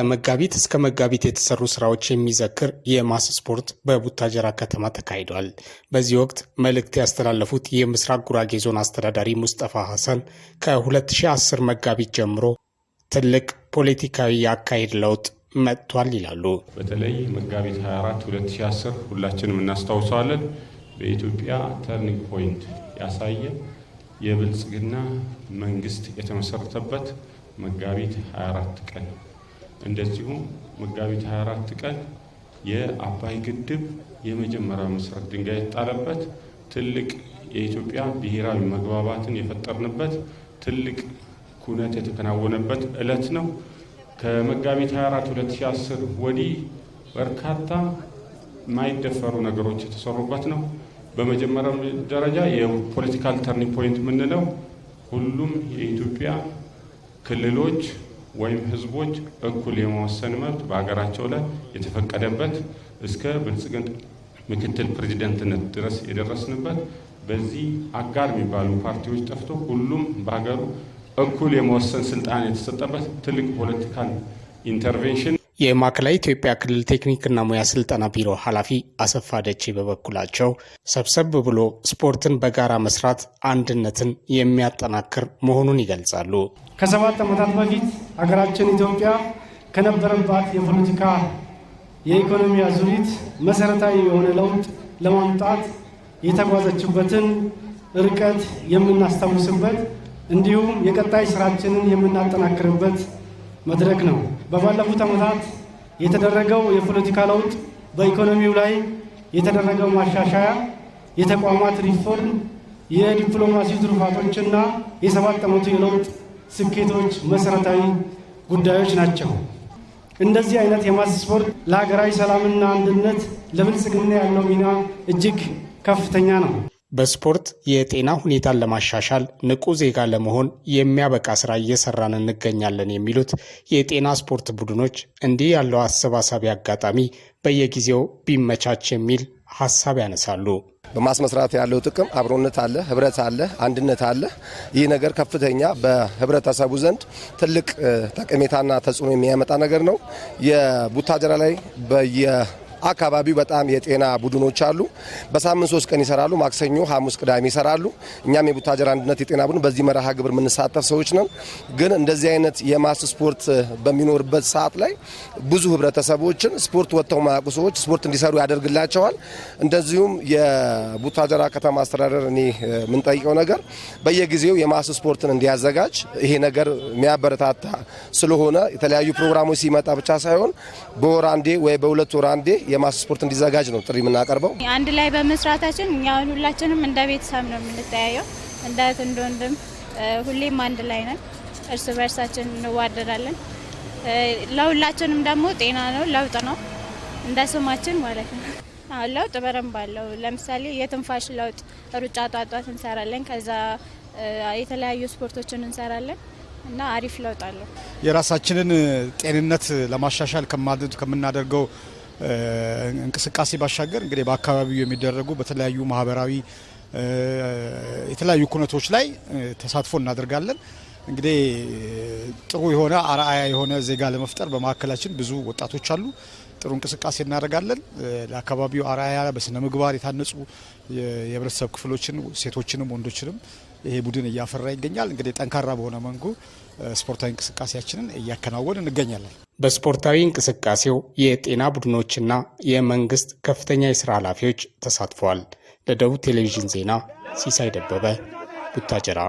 ከመጋቢት እስከ መጋቢት የተሰሩ ስራዎች የሚዘክር የማስ ስፖርት በቡታጀራ ከተማ ተካሂዷል። በዚህ ወቅት መልእክት ያስተላለፉት የምስራቅ ጉራጌ ዞን አስተዳዳሪ ሙስጠፋ ሐሰን ከ2010 መጋቢት ጀምሮ ትልቅ ፖለቲካዊ የአካሄድ ለውጥ መጥቷል ይላሉ። በተለይ መጋቢት 24 2010 ሁላችንም እናስታውሰዋለን። በኢትዮጵያ ተርኒንግ ፖይንት ያሳየ የብልጽግና መንግስት የተመሰረተበት መጋቢት 24 ቀን እንደዚሁም መጋቢት 24 ቀን የአባይ ግድብ የመጀመሪያ መሰረት ድንጋይ የተጣለበት ትልቅ የኢትዮጵያ ብሔራዊ መግባባትን የፈጠርንበት ትልቅ ኩነት የተከናወነበት እለት ነው። ከመጋቢት 24 2010 ወዲህ በርካታ የማይደፈሩ ነገሮች የተሰሩበት ነው። በመጀመሪያው ደረጃ የፖለቲካል ተርኒንግ ፖይንት የምንለው ሁሉም የኢትዮጵያ ክልሎች ወይም ህዝቦች እኩል የመወሰን መብት በሀገራቸው ላይ የተፈቀደበት እስከ ብልጽግና ምክትል ፕሬዚደንትነት ድረስ የደረስንበት በዚህ አጋር የሚባሉ ፓርቲዎች ጠፍቶ ሁሉም በሀገሩ እኩል የመወሰን ስልጣን የተሰጠበት ትልቅ ፖለቲካል ኢንተርቬንሽን የማዕከላዊ ኢትዮጵያ ክልል ቴክኒክና ሙያ ስልጠና ቢሮ ኃላፊ አሰፋ ደቼ በበኩላቸው ሰብሰብ ብሎ ስፖርትን በጋራ መስራት አንድነትን የሚያጠናክር መሆኑን ይገልጻሉ። ከሰባት ዓመታት በፊት ሀገራችን ኢትዮጵያ ከነበረባት የፖለቲካ የኢኮኖሚ አዙሪት መሰረታዊ የሆነ ለውጥ ለማምጣት የተጓዘችበትን ርቀት የምናስታውስበት እንዲሁም የቀጣይ ስራችንን የምናጠናክርበት መድረክ ነው። በባለፉት ዓመታት የተደረገው የፖለቲካ ለውጥ፣ በኢኮኖሚው ላይ የተደረገው ማሻሻያ፣ የተቋማት ሪፎርም፣ የዲፕሎማሲ ትሩፋቶችና የሰባት ዓመቱ የለውጥ ስኬቶች መሠረታዊ ጉዳዮች ናቸው። እንደዚህ አይነት የማስ ስፖርት ለሀገራዊ ሰላምና አንድነት፣ ለብልጽግና ያለው ሚና እጅግ ከፍተኛ ነው። በስፖርት የጤና ሁኔታን ለማሻሻል ንቁ ዜጋ ለመሆን የሚያበቃ ስራ እየሰራን እንገኛለን የሚሉት የጤና ስፖርት ቡድኖች እንዲህ ያለው አሰባሳቢ አጋጣሚ በየጊዜው ቢመቻች የሚል ሀሳብ ያነሳሉ። በማስመስራት ያለው ጥቅም አብሮነት አለ፣ ህብረት አለ፣ አንድነት አለ። ይህ ነገር ከፍተኛ በህብረተሰቡ ዘንድ ትልቅ ጠቀሜታና ተጽዕኖ የሚያመጣ ነገር ነው። የቡታጀራ ላይ በየ አካባቢው በጣም የጤና ቡድኖች አሉ። በሳምንት ሶስት ቀን ይሰራሉ። ማክሰኞ፣ ሐሙስ፣ ቅዳሜ ይሰራሉ። እኛም የቡታጀራ አንድነት የጤና ቡድን በዚህ መርሃ ግብር የምንሳተፍ ሰዎች ነን። ግን እንደዚህ አይነት የማስ ስፖርት በሚኖርበት ሰዓት ላይ ብዙ ህብረተሰቦችን ስፖርት ወጥተው ማያውቁ ሰዎች ስፖርት እንዲሰሩ ያደርግላቸዋል። እንደዚሁም የቡታጀራ ከተማ አስተዳደር እኔ የምንጠይቀው ነገር በየጊዜው የማስ ስፖርትን እንዲያዘጋጅ ይሄ ነገር የሚያበረታታ ስለሆነ የተለያዩ ፕሮግራሞች ሲመጣ ብቻ ሳይሆን በወር አንዴ ወይ በሁለት ወር አንዴ የማስ ስፖርት እንዲዘጋጅ ነው ጥሪ የምናቀርበው። አንድ ላይ በመስራታችን እኛ ሁላችንም እንደ ቤተሰብ ነው የምንተያየው፣ እንደ እህት እንደ ወንድም ሁሌም አንድ ላይ ነን። እርስ በርሳችን እንዋደዳለን። ለሁላችንም ደግሞ ጤና ነው ለውጥ ነው እንደ ስማችን ማለት ነው። ለውጥ በረም አለው። ለምሳሌ የትንፋሽ ለውጥ ሩጫ ጧጧት እንሰራለን። ከዛ የተለያዩ ስፖርቶችን እንሰራለን እና አሪፍ ለውጥ አለው። የራሳችንን ጤንነት ለማሻሻል ከምናደርገው እንቅስቃሴ ባሻገር እንግዲህ በአካባቢው የሚደረጉ በተለያዩ ማህበራዊ የተለያዩ ኩነቶች ላይ ተሳትፎ እናደርጋለን። እንግዲህ ጥሩ የሆነ አርአያ የሆነ ዜጋ ለመፍጠር በማዕከላችን ብዙ ወጣቶች አሉ። ጥሩ እንቅስቃሴ እናደርጋለን። ለአካባቢው አርአያ በስነ ምግባር የታነጹ የህብረተሰብ ክፍሎችን ሴቶችንም ወንዶችንም ይሄ ቡድን እያፈራ ይገኛል። እንግዲህ ጠንካራ በሆነ መንጉ ስፖርታዊ እንቅስቃሴያችንን እያከናወን እንገኛለን። በስፖርታዊ እንቅስቃሴው የጤና ቡድኖችና የመንግስት ከፍተኛ የስራ ኃላፊዎች ተሳትፈዋል። ለደቡብ ቴሌቪዥን ዜና ሲሳይ ደበበ ቡታጀራ